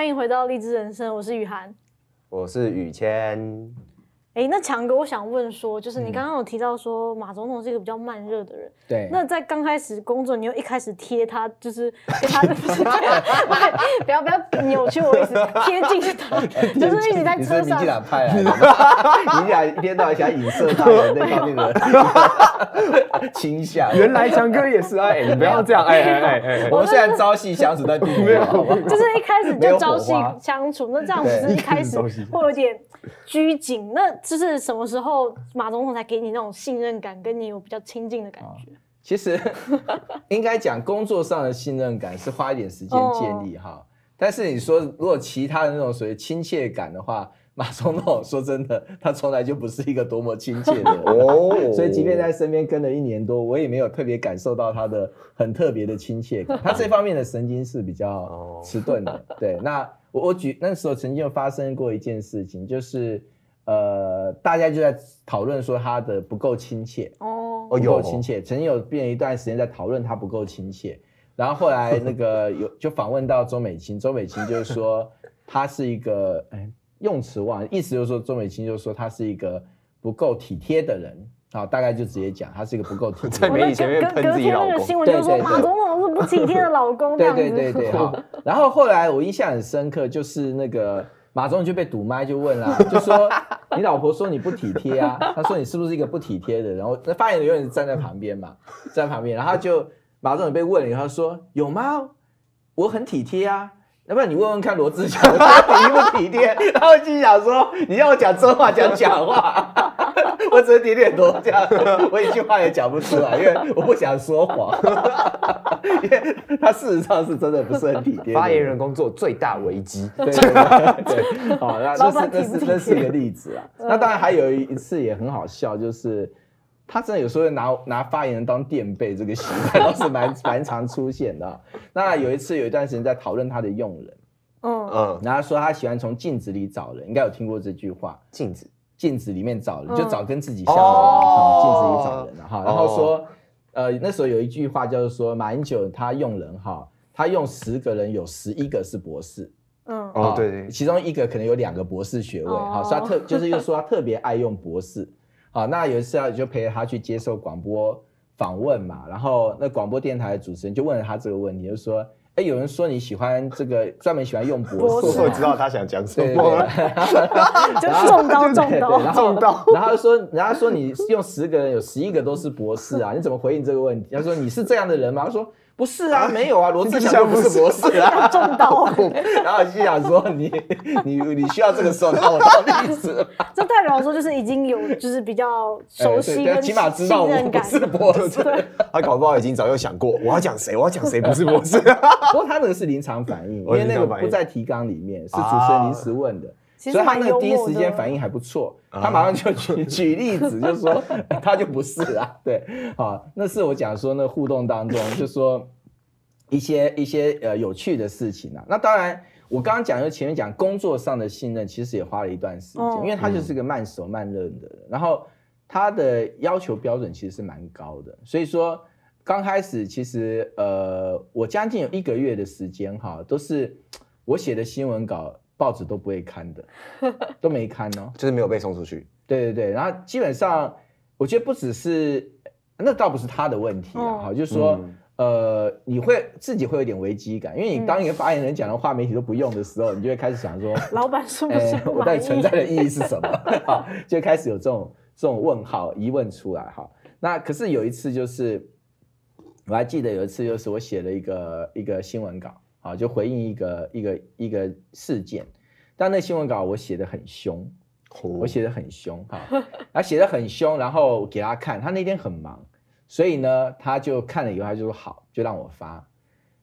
歡迎回到荔枝人生，我是雨涵，我是雨謙。哎，那強哥，我想問說，就是你剛剛有提到說馬總統是一個比較慢熱的人，對、嗯。那在剛開始工作，你又一開始貼他，就是跟他的 不是這樣，不要不要 扭曲我意思， 貼近他、欸、就是一直在車上。你倆 一天到晚想影射他。那方面的傾向， 曉了 原來強哥也是哎，你不要這樣，哎哎哎，哎，我們雖然朝夕相處， 但並沒有 就是一開始就朝夕相處 有火，那這樣子一開始會有點拘謹， 那。就是什麼時候馬總統才給你那種信任感，跟你有比較親近的感覺？啊、其實應該講工作上的信任感是花一點時間建立哈，哦哦。但是你說如果其他的那種所謂親切感的話，馬總統說真的，他從來就不是一個多麼親切的人，哦。所以即便在身邊跟了一年多，我也沒有特別感受到他的很特別的親切感。他這方面的神經是比較遲鈍的，哦。對，那我，我舉那時候曾經有發生過一件事情，就是。呃，大家就在討論說他的不夠親切哦，不夠親切。Oh. 切 oh. 曾經有變一段時間在討論他不夠親切，然後後來那個有 就訪問到周美青，周美青就是說他是一個，欸、用詞忘了，意思就是說周美青就是說他是一個不夠體貼的人，好，大概就直接講他是一個不夠體貼的人。前面噴自己老公，對對對對對，對 好。然後後來我印象很深刻，就是那個馬總就被堵麥就問了、啊， 就說。你老婆說你不體貼啊？她說你是不是一個不體貼的人？然後那發言人永遠站在旁邊嘛，站在旁邊，然後就馬總統被問了，以後他說有嗎？我很體貼啊，要不然你問問看羅智強，他 體 不體貼？然後就想說你讓我講真話，講假話。 我只是點點頭這樣，我一句話也講不出來，啊，因為我不想說謊。因為他事實上是真的不是很體貼。發言人工作最大危機。對對，對，對， 對，好，那這，就是這是這是一個例子啊。那當然還有一次也很好笑，就是他真的有時候拿拿發言人當墊背，這個習慣倒是蠻 蠻常出現的。那有一次有一段時間在討論他的用人。嗯。嗯。然後說他喜歡從鏡子裡找人，應該有聽過這句話。鏡子。鏡子裡面找人，嗯、就找跟自己像的人。鏡、哦嗯、子裡找人了、啊、哈、哦，然後說、哦，呃，那時候有一句話叫做說，馬英九他用人哈，他用十個人有十一個是博士，嗯，啊、哦、其中一個可能有兩個博士學位哈、哦，所以他特就是又說他特別愛用博士、哦。好，那有一次啊，就陪着他去接受廣播訪問嘛，然後那廣播電臺的主持人就問了他這個問題，就是說。哎，有人說你喜歡這個，專門喜歡用博士，我知道他想講什麼，對對對 就是中刀 就對對中刀 對對中刀。然後說，然後說你用十個人，有十一個都是博士啊，你怎麼回應這個問題？他說你是這樣的人嗎？他說。不是啊,啊，沒有啊，羅智強不是博士啊這是，啊，中、啊、刀、啊啊啊啊、然後就想說 你你你需要這個時候拿我當例子、啊， 這代表說就是已經有就是比較熟悉跟信任感、欸、起碼知道我不是博士，他、啊、搞不好已經早就想過我要講誰，我要講誰不是博士。 不過他那個是臨場反應，因為那個不在提綱裡面，是主持人臨時問的。啊所以他那個第一時間反應還不錯，他馬上就舉、啊、舉例子，就說 他就不是啊，對，好，那是我講說那互動當中， 就說一些一些呃有趣的事情啊。那當然，我剛剛講的前面講工作上的信任，其實也花了一段時間，哦、因為他就是個慢手慢熱的人、嗯，然後他的要求標準其實是蠻高的，所以說剛開始其實呃我將近有一個月的時間哈，都是我寫的新聞稿。報紙都不會刊的，都沒刊哦， 就是沒有被送出去。對對對，然後基本上，我覺得不只是，那倒不是他的問題啊。哈、哦，就是、說、嗯、呃，你會自己會有點危機感，因為你當一個發言人講的話，媒體都不用的時候、嗯，你就會開始想說，老板說是是、哎，我到底存在的意義是什麼？哈， 就開始有這種這種問號疑問出來哈。那可是有一次，就是我還記得有一次，就是我寫了一個一個新聞稿。好，就回應一個一個一個事件，但那新聞稿我寫的很凶，oh. 我寫的很凶哈，然、啊、 他寫的很凶，然後給他看，他那天很忙，所以呢，他就看了以後，他就說好，就讓我發，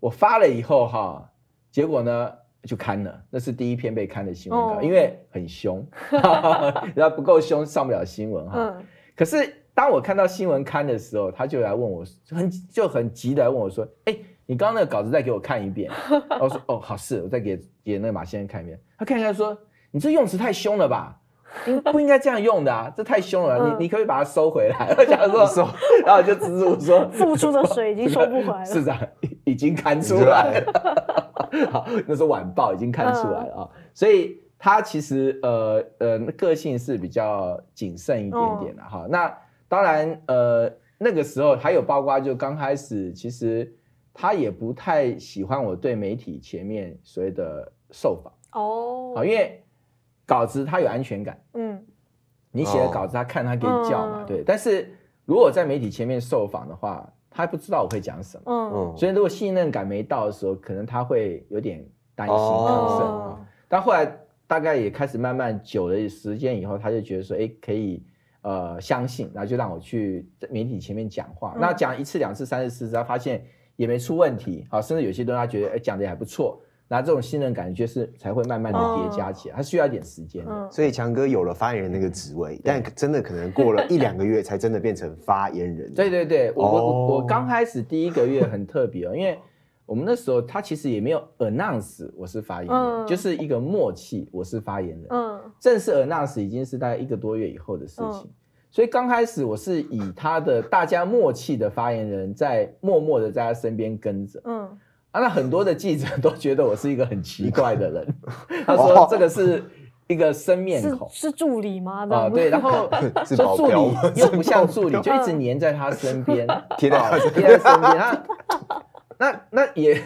我發了以後哈、啊，結果呢就刊了，那是第一篇被刊的新聞稿，oh. 因為很凶， 然後不夠凶上不了新聞哈、啊 嗯。可是當我看到新聞刊的時候，他就來問我，就很就很急的來問我說，哎、欸。你剛剛那個稿子再給我看一遍，我 說哦，好是，我再給給那個馬先生看一遍。他看一下說，你這用詞太凶了吧？應 不應該這樣用的啊？這太凶了， 你你可,可以把它收回來。他 講說，然後就直直說， 付出的水已經收不回來了。是 的，已經看出來了。 好，那時候晚報已經看出來了啊、哦。 所以他其實呃呃個性是比較謹慎一點點的、啊、哈、哦。那當然呃那個時候還有包括就剛開始其實。他也不太喜歡我對媒體前面所謂的受訪哦，好、oh.，因為稿子他有安全感，嗯，你寫的稿子他看他可以叫嘛，oh. 對。但是如果在媒體前面受訪的話，他不知道我會講什麼，嗯嗯。所以如果信任感沒到的時候，可能他會有點擔心、oh. 但後來大概也開始慢慢久了時間以後，他就覺得說，哎，可以呃相信，然後就讓我去媒體前面講話。Oh. 那講一次兩次三次四次，他發現。也沒出問題，好，甚至有些東西他覺得講的也還不錯，那這種信任感就是才會慢慢的疊加起來，哦、他需要一點時間的。所以強哥有了發言人那個職位、嗯，但真的可能過了一兩個月才真的變成發言人。對對對，對對 我我剛開始第一個月很特別哦，哦 因為我們那時候他其實也沒有 announce 我是發言人，嗯、就是一個默契我是發言人、嗯，正式 announce 已經是大概一個多月以後的事情。嗯所以剛開始我是以他的大家默契的發言人，在默默的在他身邊跟着，嗯啊，那很多的記者都覺得我是一個很奇怪的人，嗯、他說這個是一個生面孔，是助理嗎？啊，對，然後說助理，又不像助理、嗯，就一直黏在他身邊，貼在貼在身邊。他那那也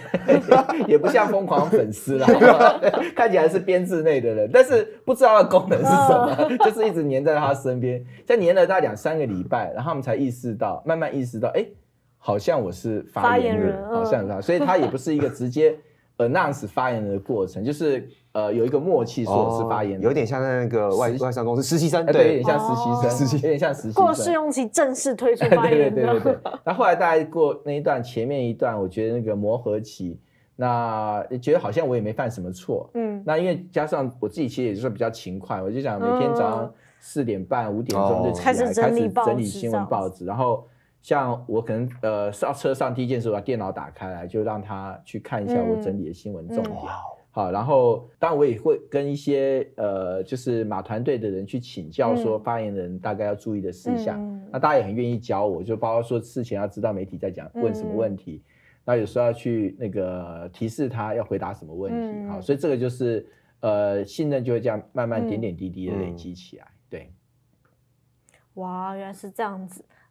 也不像瘋狂粉絲啦， 看起來是編制內的人，但是不知道他的功能是什麼，就是一直黏在他身邊，在黏了大概兩三個禮拜，然後他們才意識到，慢慢意識到，哎、欸，好像我是法言發言人，好像是，所以他也不是一個直接。呃，那樣子發言的過程，就是呃有一個默契，說的是發言的，哦，有點像那個外外商公司實習生對，哎，對，有點像實習生，哦，有點像實習過試用期正式推出發言，哎。對對對對對。然後，後來大概過那一段 前面一段，我覺得那個磨合期，那也覺得好像我也沒犯什麼錯。嗯。那因為加上我自己其實也是比較勤快，我就想每天早上四點半五，嗯，點鐘就起來，開始整理報，整理新聞報紙，然後。像我可能呃上車上第一件事把電腦打開來，就讓他去看一下我整理的新聞重點。嗯嗯、好，然後當然我也會跟一些呃就是馬團隊的人去請教，說，發言人大概要注意的事項、嗯。那大家也很願意教我，就包括說事前要知道媒體在講問什麼問題、嗯，那有時候要去那個提示他要回答什麼問題。嗯、好，所以這個就是呃信任就會這樣慢慢點點滴滴的累積起來。嗯、對，哇，原來是這樣子。